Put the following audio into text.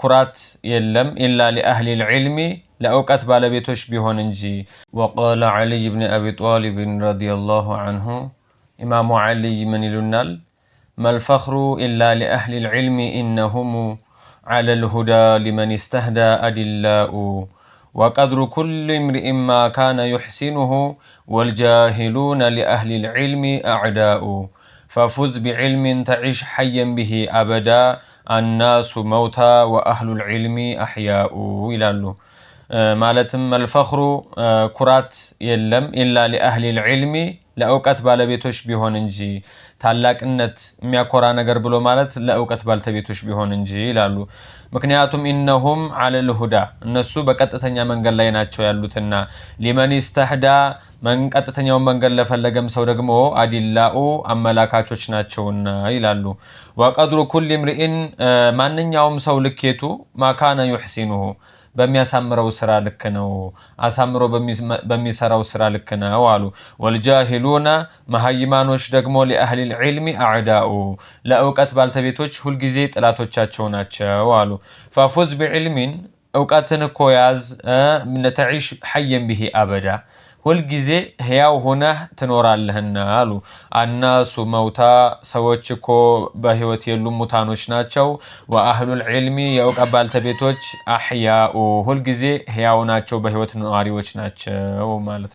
كرات يلم إلا لأهل العلم لأوقات بالبيتوش بيهون انجي وقال علي بن أبي طالب رضي الله عنه إمام علي من النال ما الفخر إلا لأهل العلم إنهم على الهدى لمن استهدى أدلاء وقدر كل امرئ ما كان يحسنه والجاهلون لأهل العلم أعداء ففز بعلم تعيش حيا به أبدا الناس موتى وأهل العلم أحياء ይላሉ آه، مالتم الفخر آه، كرات يلم إلا لأهل العلم ለእውቀት ባለቤቶች ቢሆን እንጂ ታላቅነት የሚያኮራ ነገር ብሎ ማለት ለእውቀት ባልተቤቶች ቢሆን እንጂ ይላሉ። ምክንያቱም ኢነሁም አለልሁዳ ሁዳ እነሱ በቀጥተኛ መንገድ ላይ ናቸው ያሉትና ሊመን ስተህዳ መንቀጥተኛውን መንገድ ለፈለገም ሰው ደግሞ አዲላኡ አመላካቾች ናቸውና ይላሉ። ወቀድሩ ኩል ምርኢን ማንኛውም ሰው ልኬቱ ማካነ ዩሕሲኑሁ በሚያሳምረው ስራ ልክ ነው፣ አሳምሮ በሚሰራው ስራ ልክ ነው አሉ። ወልጃሂሉና መሀይማኖች ደግሞ ሊአህሊል ልዕልሚ አዕዳኡ ለእውቀት ባልተቤቶች ሁልጊዜ ጥላቶቻቸው ናቸው አሉ። ፋፉዝ ቢዕልሚን እውቀትን እኮ ያዝ ነተዒሽ ሐየን ብሂ አበዳ ሁልጊዜ ህያው ሆነህ ትኖራለህና አሉ። አናሱ መውታ ሰዎች እኮ በህይወት የሉ ሙታኖች ናቸው። ወአህሉል ዒልሚ የእውቀ ባልተቤቶች አሕያኡ ሁልጊዜ ህያው ናቸው፣ በህይወት ነዋሪዎች ናቸው ማለት ነው።